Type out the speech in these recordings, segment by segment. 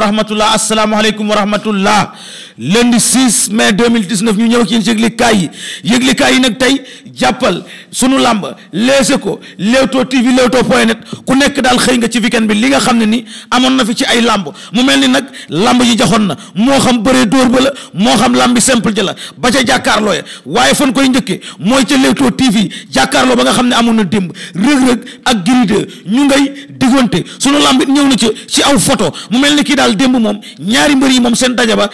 rahmatullah asalaamaaleykum wa rahmatullah lundi 6 mai 2019 ñu ñëw ci yëglikaay yi yëglikaay yi nag tey jàppal sunu làmb leese ko Leewtoo TV Leewtoo point net ku nekk daal xëy nga ci weekend bi li nga xam ne ni amoon na fi ci ay làmb mu mel ni nag làmb yi jaxoon na moo xam bëree dóor ba la moo xam làmbi simple ji la ba ca jàkkaarloo ya waaye fan koy njëkke mooy ca Leewtoo TV jàkkaarloo ba nga xam ne amoon na démb rëg-rëg ak giride ñu ngay diggante sunu làmb ñëw na ci ci aw photo mu mel ni kii daal démb moom ñaari mbër yi moom seen daja ba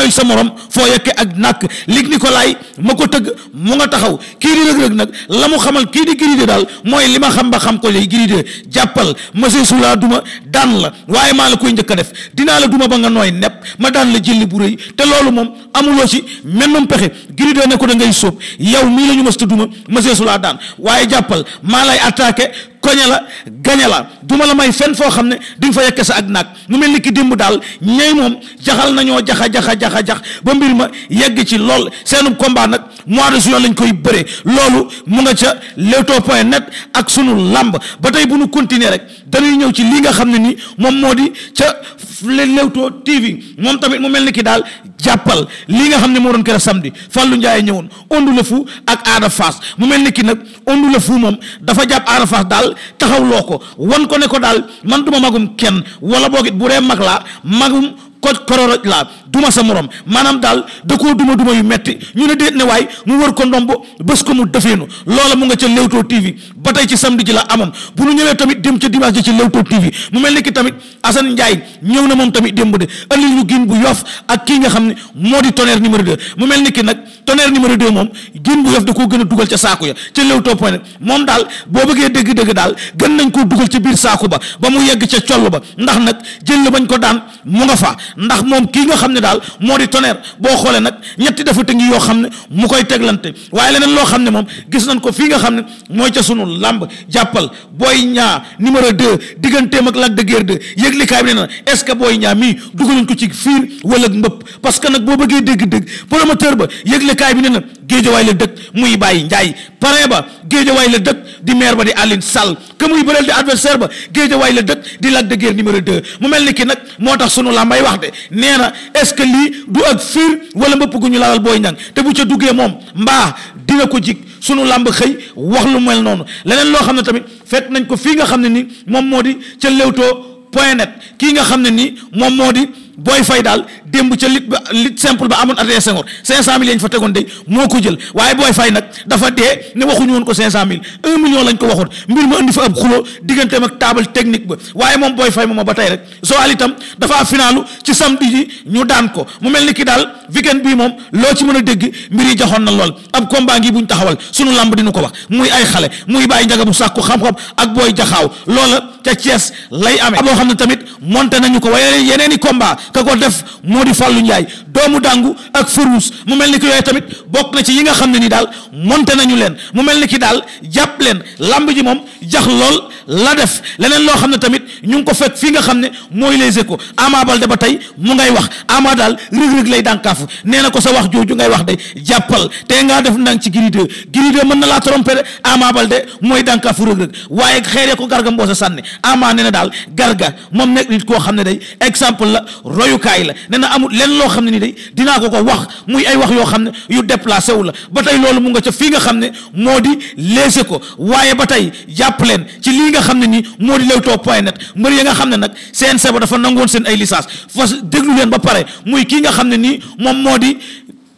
mayu sa morom foo yekke ak nàkk lig nikolaay ma ko tëgg mu nga taxaw kii di rëg-rëg la mu xamal kii di giri de daal mooy li ma xam ba xam ko lay giri de jàppal monsieur sulaa duma daan la waaye maa la koy njëkk a def dinaa la duma ba nga nooy nepp ma daan la jëlli bu rëy te loolu moom amuloo ci mennum pexe giri de ne ko da ngay sóob yow mii la ma mës ta duma monsieur sulaa daan waaye jàppal maa lay attaqué koñe la gañe la duma la may fenn foo xam ne di nga fa yekke sa ak naag mu mel ni ki dimb daal ñey moom jaxal nañoo jaxa jaxa jaxa jax ba mbir ma yegg ci lool seenu combat nag mois de juin lañ koy bëree loolu mu nga ca leewtoo point net ak sunu làmb ba tey bu nu continuer rek dañuy ñëw ci li nga xam ne ni moom moo di ca leewtoo tv moom tamit mu mel ni ki daal jàppal lii nga xam ne moo doon keroog samedi Fallou Ndiaye ñëwoon Ondu la fu ak Ada Fass mu mel ni ki nag Ondu la fu moom dafa jàpp Ada Fass daal taxawloo ko wan ko ne ko daal man duma magum kenn wala boogit bu dee mag laa magum ko kororoj laa duma sa morom maanaam daal da koo duma duma yu metti ñu ne déet ne waay mu wër ko ndomb bés ko mu defeenu loola mu nga ca Leewtoo TV ba tey ci samedi ji la amoon bu ñu ñëwee tamit dem ca dimanche ji ci Leewtoo TV mu mel ni ki tamit Assane Ndiaye ñëw na moom tamit démb de ëllëg ñu gin bu yof ak kii nga xam ne moo di tonnerre numéro 2 mu mel ni ki nag tonnerre numéro 2 moom gin bu yof da koo gën a dugal ca saako ya ca Leewtoo point net moom daal boo bëggee dégg-dégg daal gën nañ koo dugal ca biir saako ba ba mu yegg ca coll ba ndax nag jël bañ ko daan mu nga fa ndax moom kii nga xam ne daal moo di tonnerre boo xoolee nag ñetti dafa tëngi yoo xam ne mu koy teglante waaye nen loo xam ne moom gis nañ ko fii nga xam ne mooy ca sunu làmb jàppal booy ñaa numéro deux digganteem ak lag de Guiers 2 yëglikaay bi ne na est-ce que booy ñaa mii dugaluñ ko ci fiir wala mbëpp parce que nag boo bëggee dégg-dégg promoteur ba yëglikaay bi ne na géejawaay la dëkk muy bàyyi njaay parrain ba géejawaay la dëkk di maire ba di Aline Sall que muy bëreel di adversaire ba géejawaay la dëkk di Lac de Guiers numéro mu mel ni ki nag tax sunu làmbay wax woote nee na est-ce que lii du ak fiir wala mbëpp gu ñu laalal booy ñang te bu ca duggee moom mbaa dina ko jig sunu làmb xëy wax lu mel noonu leneen loo xam ne tamit fekk nañ ko fii nga xam ne ni moom moo di ca Leewtoo point net kii nga xam ne ni moom moo di booy fay daal démb ca lit ba lit simple ba amoon adresse Senghor cinq cent mille yañ fa tegoon de moo ko jël waaye booy fay nag dafa dee ne waxuñu woon ko cinq cent mille un lañ ko waxoon mbir ma indi fa ab xuloo digganteem ak table technique ba waaye moom booy fay mooma rek soo al itam dafa finaalu ci ñu daan ko mu mel ni ki daal weekend bii moom loo ci mën a dégg mbir yi joxoon na lool ab combat ngi buñ taxawal sunu lamb dinu ko wax muy ay xale muy bàyyi njaga bu sàkku xam-xam ak booy jaxaaw loola ca Thiès lay amee boo xam ne tamit monte nañu ko waaye yeneen i combat ka ko def moo di Fallou Ndiaye doomu dàngu ak Farouz mu mel ni ki yooyu tamit bokk na ci yi nga xam ne ni daal monte nañu leen mu mel ni ki daal jàpp leen lamb ji moom jax lool la def leneen loo xam ne tamit ñu ngi ko fekk fii nga xam ne mooy les échos Ama Baldé ba tey mu ngay wax Ama daal rëg lay dànkaafu nee na ko sa wax jooju ngay wax de jàppal te ngaa def ndànk ci Gris 2 mën na laa tromper de Ama Baldé mooy dànkaafu rëg-rëg waaye xeeree ko garga mboosa sànni Ama na daal garga moom nekk nit koo xam ne day exemple la royukaay la nee na amul lenn loo xam ne ni de dinaa ko ko wax muy ay wax yoo xam ne yu déplacé wu la ba tey loolu mu nga ca fii nga xam ne moo di léese ko waaye ba tey jàpp leen ci lii nga xam ne nii moo di Leewtoo point net mbër ya nga xam ne nag CNG ba dafa nangoon seen ay licence fas déglu leen ba pare muy kii nga xam ne nii moom moo di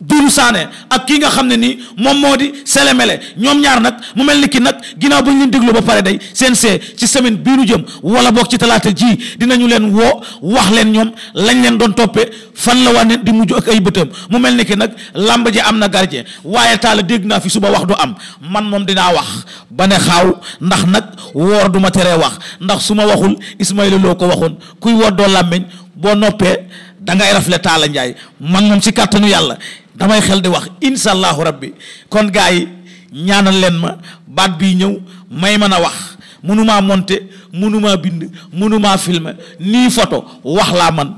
Doudou Sané ak kii nga xam ne nii moom moo di Sélémélé ñoom ñaar nag mu mel ni kii nag ginnaaw bu ñu leen déglu ba pare day CNG ci semaine bii nu jëm wala boog ci talaata ji dinañu leen woo wax leen ñoom lañ leen doon toppee fan la wane di mujj ak ay bëtam mu mel ni ki nag làmb ji am na gardien waaye taala dégg naa fi suba wax du am man moom dinaa wax ba ne xaaw ndax nag woor du ma teree wax ndax su ma waxul Ismaïla loo ko waxoon kuy woor doo boo noppee da ngay rafle Talla Ndiaye man moom si kàttanu yàlla damay xel di wax incha allahu rabbi kon gars yi ñaanal leen ma baat bii ñëw may mën a wax mënumaa monter mënumaa bind mënumaa filmer nii photo wax laa man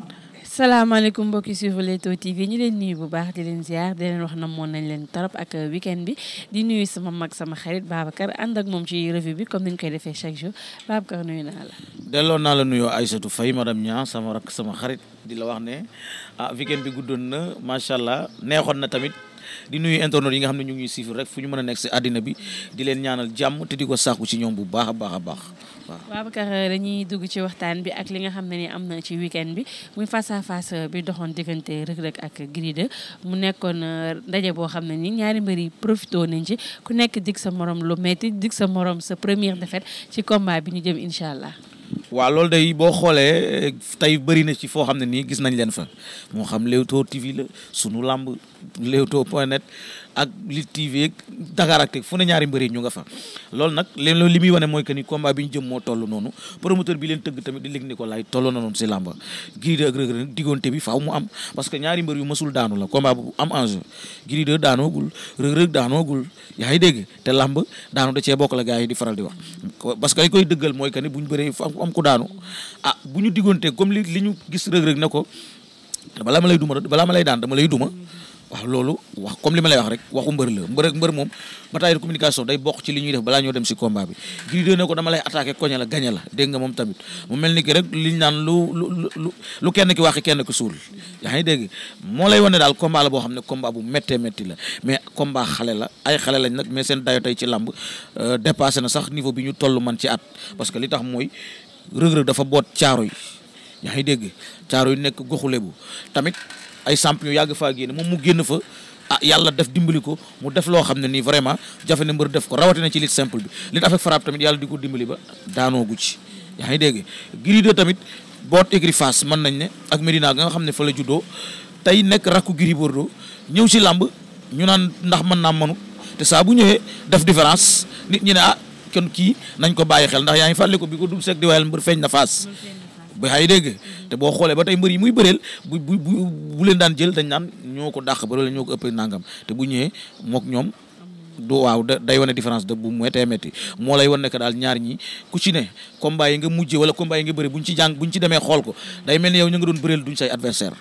salaamaaleykum mbokki suivre Leewtoo TV ñu leen nuyu bu baax di leen ziar di leen wax na moon nañ leen torop ak weekend bi di nuyu sama mag sama xarit Babacar ànd ak moom ci revue bi comme ni ñu koy defee chaque jour Babacar nuyu naa la. delloo naa la nuyoo Aïssatou Faye madame Niang sama rak sama xarit di la wax ne ah weekend bi guddoon na macha allah neexoon na tamit. di nuyu internautes yi nga xam ne ñu ngi suivre rek fu ñu mën a nekk si àddina bi di leen ñaanal jàmm te ko sàkku ci ñoom bu baax a baax a baax. Babacar euh, dañuy dugg ci waxtaan bi ak li nga xam ne ni am na ci weekend bi muy face à face euh, bi doxoon diggante Reug Reug ak Gris mu nekkoon euh, ndaje boo xam ne ni ñaari mbër yi profité nañ ci ku nekk dig sa morom lu metti dig sa morom sa première défaite ci combat bi ñu jëm incha allah. waaw loolu day boo xoolee tey bëri na ci foo xam ne nii gis nañ leen fa moo xam Leewtoo TV la sunu làmb Leewtoo point net ak Lutte TV Dakar ak fu ne ñaari mbëri ñu nga fa loolu nag leen loolu muy wane mooy que ni combat bi ñu jëm moo toll noonu promoteur bi leen tëgg tamit di léegi Nicolas toll na noonu si làmba Gris 2 ak que ñaari mbër yu mësul daanu la combat bu am enjeu Gris 2 daanoogul Reug Reug daanoogul yaa ngi dégg te làmb daanu da cee bokk la gars yi di faral di wax parce que ay koy dëggal mooy que ni bu ñu bëree fa am ku daanu ah bu ñu diggante comme li li ñu gis Reug Reug ne ko balaa ma lay duma balaa ma lay daan dama lay duma waaw loolu wax comme li ma lay wax rek waxu mbër la mbër ak mbër moom matériel communication day bokk ci li ñuy def balaa ñoo dem si combat bi gii dée ne ko dama lay attaqué koñe la gañe la dégg nga moom tamit mu mel ni ki rek liñ naan lu lu lu kenn ki wax kenn ki suul yaa ngi dégg moo lay wane daal combat la boo xam ne combat bu méttee métti la mais combat xale la ay xale lañ nag mais seen dayo tey ci làmb euh, dépassé na sax niveau bi ñu toll man ci at parce que li tax mooy rëg dafa boot caaro yi yaa ngi dégg caaro yi nekk goxule bu tamit ay champion yàgg faa génn moom mu génn fa ah yàlla def dimbali ko mu def loo xam ne nii vraiment jafe na mbar def ko rawatina ci lit simple bi lit avec frappe tamit yàlla di ko dimbali ba daanoo gu ci yaa ngi dégg Gris 2 tamit boot écurie Fass mën nañ ne ak Medina nga xam ne fa la juddoo tey nekk rakku Gris do ñëw si làmb ñu naan ndax mën naa mënu te saa bu ñëwee def différence nit ñi ne ah kon kii nañ ko bàyyi xel ndax yaa ngi fàttali ko bi ko dul seeg na Fass ba yaa dégg te boo xoolee ba tey mbër yi muy bëreel bu bu bu leen daan jël dañ naan ñoo ko dàq ba loolu ñoo ko ëppee nangam te bu ñëwee mook ñoom du day wane différence de bu méttee métti moo lay wan ne daal ñaar ñi ku ci ne combat yi nga mujjee wala combat yi nga bëri buñ ci jàng buñ ci demee xool ko day mel ni yow ñu nga doon bëreel duñ say adversaire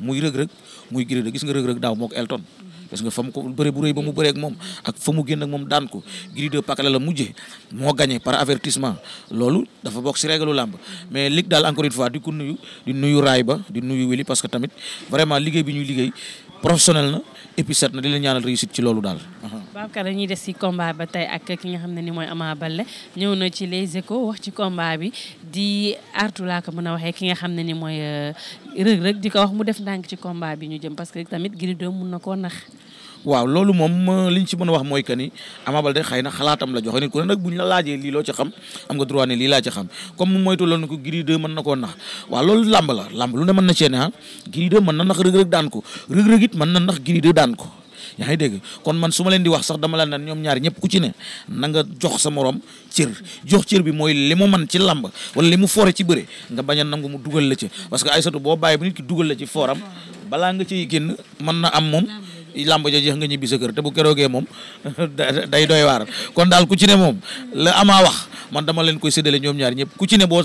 muy rëg-rëg muy Gris gis nga rëg-rëg daaw mook Elton parce que fa mu ko bëre bu rëy ba mu bëree moom ak fa mu génn moom daan ko Gris 2 pakala la mujje moo gagné par avertissement loolu dafa bokk si régalu làmb mais lig daal encore une fois di ko nuyu di nuyu raay ba di nuyu wili parce que tamit vraiment liggéey bi ñuy liggéey professionnel na et puis set na di leen ñaanal réussite ci loolu daal. Babacar dañuy des ci combat ba tey ak ki nga xam ne ni mooy Ama Baldé ñëw na ci les wax ci combat bi di artu laa ko mën a waxee ki nga xam ne ni mooy euh, Reug Reug di ko wax mu def ndànk ci combat bi ñu jëm parce que tamit Gris 2 mun na koo nax. waaw loolu moom euh, li ñu ci mën a wax mooy que ni Ama Baldé xëy na xalaatam la joxe nit ku ne nag bu ñu la laajee lii loo ci xam am nga droit ne lii laa ci xam comme moytu loolu ko Gris 2 mën na koo nax waaw loolu làmb la làmb lu ne na ne ah Gris 2 mën na nax Reug Reug daan ko Reug Reug it mën na nax Gris 2 daan ko yaa ngi dégg kon man suma leen di wax sax dama la naan ñoom ñaar ñëpp ku ci ne nanga jox sa moroom cër jox cër bi mooy li mu man ci làmb wala li mu foore ci bëre nga bañ nangu mu dugal la ci parce que ay satu boo bàyyi bu nit dugal la ci fooram balaa nga ciy génn mën na am moom làmb ja jeex nga ñibbi sa kër te bu keroogee moom day doy waar kon daal ku ci ne moom la amaa wax man dama leen koy séddale ñoom ñaar ñëpp ku ci ne boo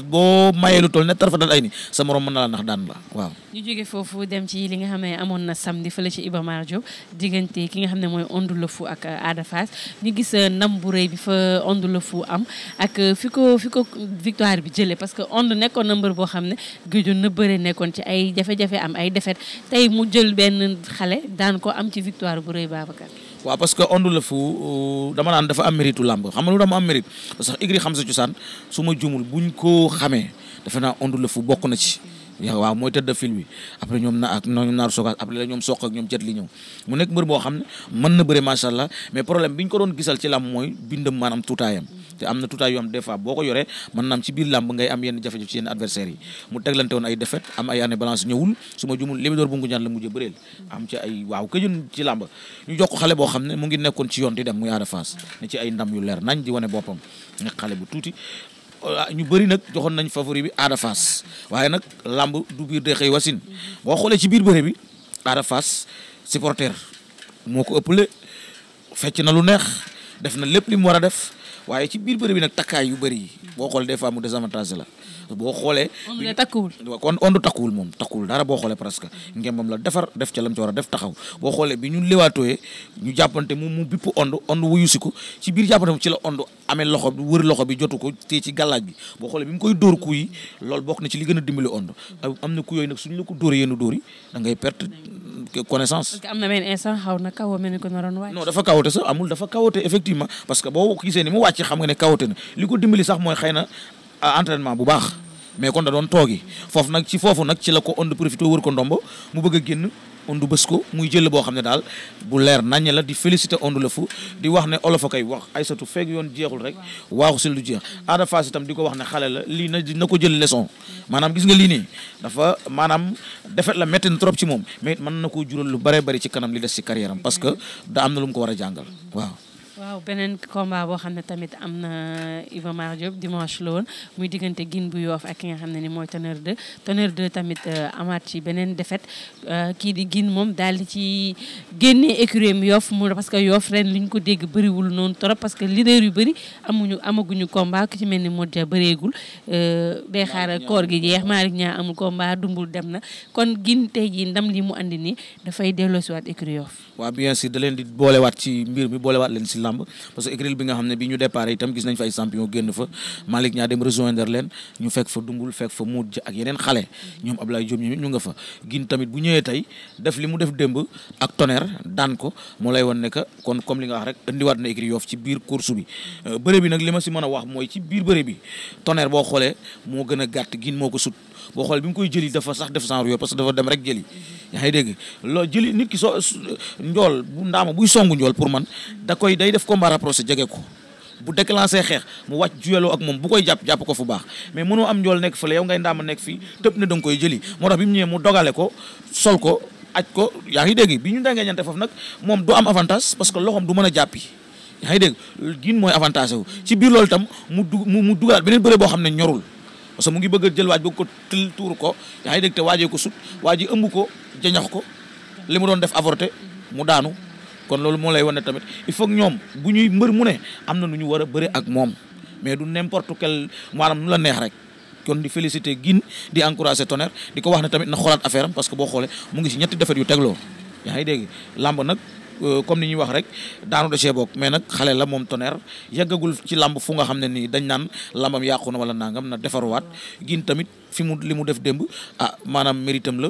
mayee lu toll ne tarfa dal ay ni sa morom mën na la nax daan la waaw ñu jóge foofu dem ci li nga xam ne amoon na samedi fële ci Iba Mar diggante ki nga xam ne mooy Onde le Fou ak euh, Ada ñu gis euh, ndam bu rëy bi fa Onde le Fou am ak euh, fi ko fi ko victoire bi jëlee parce que Onde nekkoon na mbër boo xam ne gëjoon na bëre nekkoon ci ay jafe ci victoire bu rëy Babacar. waaw parce que Onde le Fou euh, dama naan dafa am mérite làmb xam nga lu dama am mérite sax xam sa cosaan su ma jumul buñ ko xamee defe naa Onde le bokk na ci. waaw mooy tëdd fil bi après ñoom na ak ñoom naaru soog après la ñoom soq ñoom jët ñëw mu nekk mbër boo xam ne mën na bëre macha allah mais problème bi ñu ko doon gisal ci làmb mooy bindam maanaam tuutaayam. te am na tuutaay yoo xam des fois boo ko yoree mën na ci biir làmb ngay am yenn jafe-jafe ci yenn adversaires yi mu teglante woon ay défaite am ay année balance ñëwul su ma jumul bu ngu ñaan la mujjee bëreel am ci ay waaw këjun ci làmb ñu xale boo xam ne mu ngi nekkoon ci yoon di dem muy Ada Fass ne ci ndam yu leer nañ di wane boppam nekk xale bu tuuti ah, ñu bari nag joxoon nañ favori bi Ada Fass waaye nag làmb du biir de xëy wasin boo xoolee ci biir bëre bi Ada Fass supporter moo ko ëppale fecc na lu neex def na lépp li mu war a def waaye ci biir bëri bi nag takkaay yu bëri yi boo xool des fois mu désavantage la boo xoolee. ondu takkuwul moom takkuwul dara boo xoolee presque. ngembam la defar def ca lam a def taxaw boo xoolee bi ñu lewaatooyee ñu jàppante mu bipp ondu ondu wuyusi ko ci la ko te yenn dóor yi perte mm, connaissance. amul dafa kawote effectivement parce que boo gisee ni mu wàcc xam nga ne li ko dimbali sax mooy xëy entraînement bu baax mais kon da doon toogi foofu nag ci foofu nag ci la ko ond profité wër ko ndombo mu bëgg a génn ond bës ko muy jël boo xam ne daal bu leer naññ la di félicité ond la fu di wax ne olof a koy wax ay satu feeg yoon jeexul rek waaxu si lu jeex Ada Fass itam di ko wax ne xale la lii na na ko jël leçon maanaam gis nga lii nii dafa maanaam defet la metti na trop ci moom mais it mën na koo jural lu bare bari ci kanam li des ci carrière parce que da na lu ko war a jàngal waaw waaw beneen combat boo xam ne tamit am na Iba Mar Diop dimanche la muy diggante gin bu yoof ak ki nga xam ne ni mooy Tonnerre 2 Tonnerre 2 tamit euh, amaat ci beneen défaite euh, kii di gin moom daal di ci génnee écurie yoof mu parce que yoof ren li ñu ko dégg bëriwul noonu trop parce que lider yu bëri amuñu amaguñu combat ku ci mel ni Modja bëreegul day euh, xaar koor gi jeex Malick ñaa amul combat dumbul dem na kon gin tey jii ndam li mu andi nii dafay delloosiwaat écurie yoof làmb parce que bi nga xam ne bi ñu départ itam gis nañ fa champion génn fa Malick ñaa dem rejoindre leen ñu fekk fa dumbul fekk fa muut ak yeneen xale ñoom Ablaye Diop ñu nga fa gin tamit bu ñëwee tey def li mu def démb ak tonnerre daan ko moo lay won ne kon comme li nga wax rek indiwaat na écurie Yoff ci biir course bi euh, bëre bi nag li ma si mën a wax mooy ci biir bëre bi tonnerre boo xoolee moo gën a gàtt gin moo ko sut boo xoolee bi mu koy jëli dafa sax def genre yooyu parce que dafa dem rek jëli yaa ngi dégg loolu jëli nit ki soo njool bu ndaama buy songu njool pour man da koy day def combat rapproché jege ko bu déclenché xeex mu wàcc juyeloo ak moom bu koy jàpp jàpp ko fu baax mais mënoo am njool nekk fële yow ngay nekk fii tëb ne da nga koy jëli bi mu ñëwee mu dogale ko sol ko aj ko yaa ngi dégg bi ñu ndangee ñante foofu nag moom du am avantage parce que loxoom du mën a jàppi yaa ngi dégg gin mooy avantage wu ci biir loolu itam mu dug mu dugaat beneen bëre boo xam ne ñorul parce mu ngi bëgg a jël waaj bëgg ko tël tuur ko yaa ngi dégg te waajee ko sut waaj yi ëmb ko jañax ko li mu doon def avorté mu daanu kon loolu moo lay wane tamit il foog ñoom bu ñuy mbër mu ne am na nu ñu war a bëre ak moom mais du n'importe quel maanaam nu la neex rek kon di féliciter Guine di encourager Tonnerre di ko wax ne tamit na xoolaat affaire am parce que boo xoolee mu ngi si ñetti defet yu tegloo yaa ngi dégg làmb nag Euh, comme ni ñuy wax rek daanu da cee bokk mais nag xale la moom Tonnerre yàggagul ci làmb fu nga xam ne nii dañ naan làmbam yàqu na wala nangam na defaruwaat gin tamit fi mu li mu def démb ah maanaam méritam la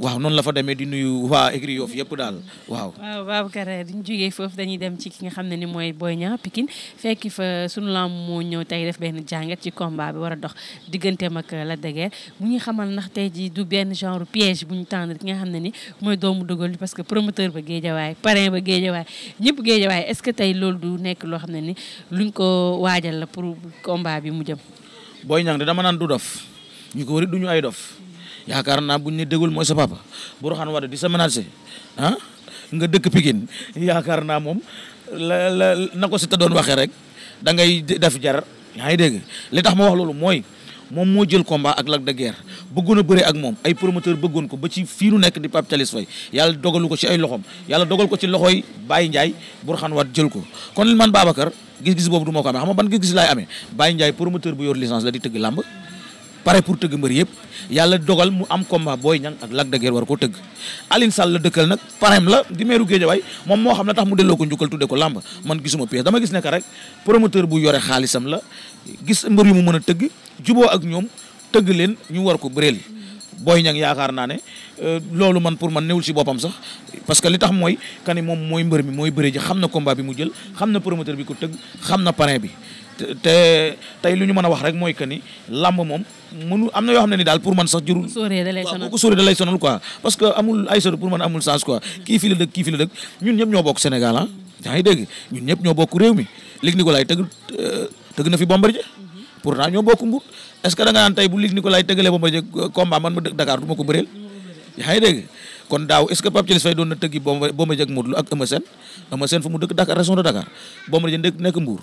waaw noonu la fa demee di nuyu waa écurie Yoff yëpp daal waaw. waaw Babacar diñu jógee foofu dañuy dem ci ki nga xam ne ni mooy booy Niang Pikine fekki fa suñu lamb moo ñëw tey def benn jàngat ci combat war a dox digganteem ak Lac de Guiers ñuy xamal ndax tey ji du benn genre piège bu ñu tendre ki nga xam ne ni mooy doomu dogal bi parce que promoteur ba géejawaay parrain ba géejawaay ñëpp géejawaay est-ce que tey loolu du nekk loo xam ne ni luñ ko waajal la pour combat bi mu jëm. Boy Niang de dama naan du dof ñu ko wari duñu ay dof. yaakaar naa buñ ne dégul mooy sa papa Bourkhane Wade di sa menacé ah nga dëkk Pikine yaakaar naa moom la la na ko si ta doon waxee rek dangay ngay def jar yaa ngi dégg li tax ma wax loolu mooy moom moo jël combat ak Lac de Guiers bëggoon a bëre ak moom ay promoteur bëggoon ko ba ci fii nu nekk di Pape Thialis Faye yàlla dogalu ko ci ay loxoom yàlla dogal ko ci loxooy bàyyi Ndiaye Bourkhane Wade jël ko kon man Babacar gis-gis boobu du ma ko amee xam nga ban gis-gis laay amee Baye Ndiaye promoteur bu yor licence di tëgg làmb pare pour tëgg mbër yëpp yàlla dogal mu am combat booy Niang ak Lac de war koo tëgg alin Sall la dëkkal nag parem la di meeru Guédiawaye moom moo xam ne tax mu delloo ko njukkal tudde ko làmb man gisuma pièce dama gis ne rek promoteur bu yore xaalisam la gis mbër yu mu mën a tëgg juboo ak ñoom tëgg leen ñu war ko bëreel Boy Niang yaakaar naa ne euh, loolu man pour man newul si boppam sax parce que li tax mooy kani moom mooy mbër mi mooy bëre ji xam na combat bi mu jël xam na promoteur bi ko tëgg xam na parrain bi te tey lu ñu mën a wax rek mooy que ni làmb moom mënu am na yoo xam ne ni daal pour man sax jurul waaw ko sóoree da lay sonal quoi parce que amul ay sori pour man amul sens quoi kii fi la dëkk kii fi la dëkk ñun ñëpp ñoo bokk ah. yaa ngi dégg ñun ñëpp ñoo bokk réew mi léegi ni ko laay tëgg na fi Bombardier pourtant ñoo bokk mbur est ce que da nga naan tey bu Luc Nicolaï tëgalee Bombardier combat man ma dëkk Dakar du ma ko bëreel yaa ngi kon daaw est que Pape Thialis doon na tëggi Bombardier ak Modou Lô ak Eumeu Sène fu mu dëkk Dakar région de Dakar Bombardier nekk mbuur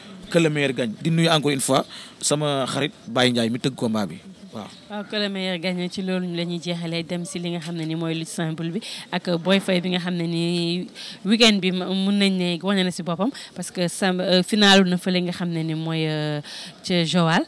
que le meilleur gagne di nuyu encore fois sama xarit Baye Ndiaye mi tëgg combat bi waaw. waaw euh, que le meilleur gagne ci loolu la ñuy jeexalee dem si li nga xam ne ni mooy lutte simple bi ak Boy Faye bi nga xam ne ni weekend bi mun nañ ne wane na si boppam parce que sam euh, finalu na fële nga xam ne ni mooy euh, ca Joal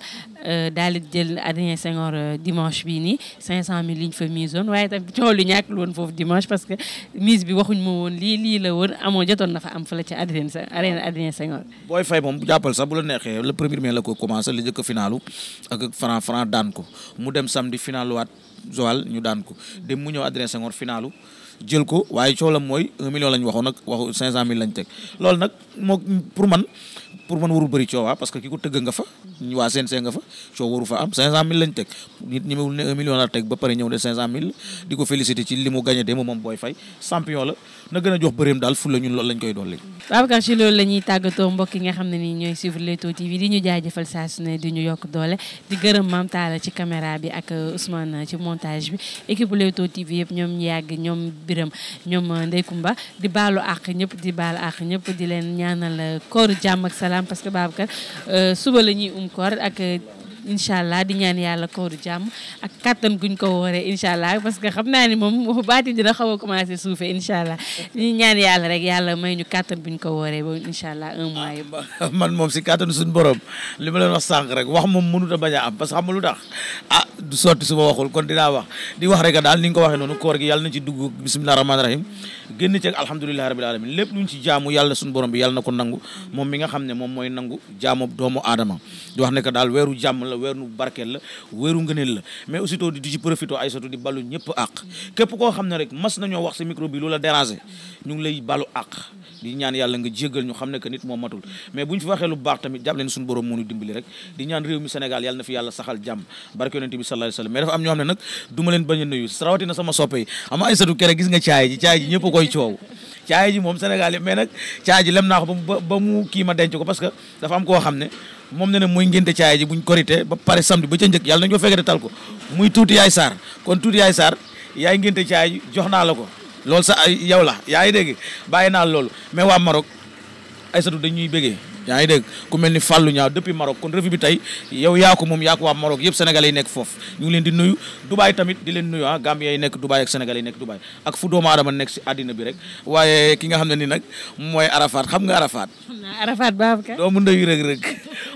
daal di jël Adrien Senghor dimanche bii nii 500000 liñ fa mise woon waaye tam coow lu ñàkkul woon foofu dimanche parce que mise bi waxuñ ma woon lii lii la woon amoo am fële ca Adrien arène Adrien Senghor. Boy Faye moom bu jàppal sax bu la premier mai la ko commencé li njëkk finalu ak Franc Franc daan ko. dem samedi finalu waat Joal ñu daan ko dem mu ñëw adressé ngor finalu jël ko waaye coolam mooy un million lañ waxoon nag waxu cinq cent mille lañ teg loolu nag moo pour man pour man warul bëri coowaa ah, parce que ki ko tëgg nga fa ñu waa CNC nga fa coow waru fa am cinq cent mille lañ teg nit ñi mewul ne un million la teg ba pare ñëw ne cinq cent mille di ko féliciter ci li mu gagné moom booy fay champion la na gën jox bëreem daal fu la ñun loolu koy dolli. Babacar la ñuy tàggatoo mbokk yi nga xam ne ni ñooy suivre Leewtoo TV di ñu jaajëfal saa su di ñu yokk doole di gërëm Mame Talla ci caméra bi ak Ousmane ci montage bi équipe Leewtoo TV yëpp ñoom yàgg ñoom Biram ñoom Ndey Kumba di baalu àq ñëpp di baalu àq ñëpp di leen ñaanal koor jàmm ak salaam parce que Babacar euh, suba la ñuy um koor ak. incha allah di ñaan yàlla kooru jàmm ak kattan guñ ko wooree incha allah parce que xam naa ni moom baati dina xaw a commencé suufee incha allah ñu ñaan yàlla rek yàlla may ñu kattan buñ ko wooree ba incha allah un mois yëpp. Ah, man moom si kattan suñu borom li ma leen wax sànq rek wax moom mënut a bañ a am parce que xam nga lu tax ah du sotti su ma waxul kon dinaa wax di wax rek daal ni nga ko waxee noonu koor gi yàlla na ci dugg bisimilah rahmaani rahim génn ci ak alhamdulilah rabil alamin lépp luñ ci jaamu yàlla suñu borom bi na ko nangu moom mi nga xam ne moom mooy nangu jaamu doomu aadama la weeru barkeel la weeru ngëneel la mais aussitôt di ci profité ay sotu di balu ñëpp àq képp koo xam ne rek mas nañoo wax sa micro bi loola déranger ñu lay balu àq di ñaan yàlla nga jéggal ñu xam ne que nit moo matul mais bu ñu fi waxee lu baax tamit jàpp leen suñu borom moo ñu dimbali rek di ñaan réew mi Sénégal yàlla na fi yàlla saxal jàmm barke yonente bi sallallahu alayhi wasallam mais dafa am ñoo xam ne nag du leen bañ a nuyu sama soppe moom ne muy mooy ngénte caaya ji buñ korité ba pare samedi ba ca njëkk yàlla nañu ko fekk de ko muy tuuti yaay saar kon tuuti yaay saar yaay ngénte caaya ji jox naa la ko loolu sa yow la yaa ngi dégg bàyyi naa loolu mais waa Maroc Aïssatou dañuy bëggee yaa ngi dégg ku mel ni Fallou Niang depuis Maroc kon revue bi tey yow yaa ko moom yaa ko waa Maroc yëpp sénégalais yi nekk foofu ñu ngi leen di nuyu Dubaay tamit di leen nuyu ah Gambien yi nekk Dubaay ak sénégalais yi nekk Dubaay ak fu doomu aadama nekk si àddina bi rek waaye ki nga xam ne ni nag mooy Arafat xam nga Arafat Arafat Babacar doomu ndeyu rek rek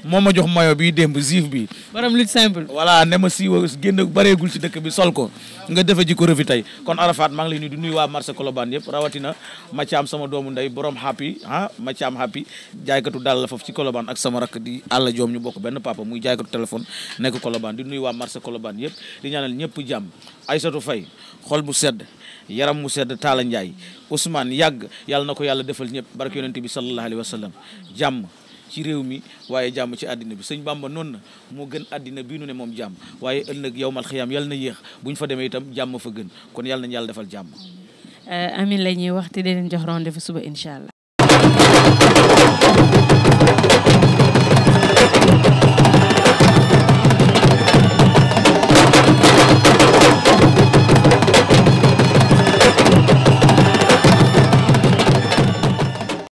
moo ma jox mayo bi démb ziif bi borom lutte simple voilà ne ma siiwa génn bareegul si dëkk bi sol ko nga defe ji ko revue tey kon Arafat maa ngi lay nuyu di nuyu waa marché Colobane yëpp rawatina ma am sama doomu nday borom happy ah ma am happy jaaykatu dal àll foofu ci Colobane ak sama rakk di àll joom ñu bokk benn papa muy jaay ko téléphone nekk Colobane di nuyu waa marché Colobane yëpp di ñaanal ñëpp jàmm Aysatu Fay xol bu sedd yaram mu sedd Taala Njaay Ousmane yàgg yàlla na ko yàlla defal ñëpp barke yonente bi sallallahu alayhi wa sallam jàmm ci réew mi waaye jàmm ci àddina bi sëñ Bamba noonu na moo gën àddina bii nu ne moom jàmm waaye ëllëg yowmal xiyaam yàlla na yéex bu fa demee itam jàmm fa gën kon yàlla nañu yàlla defal jàmm euh, amin la ñuy wax te jox rendez-vous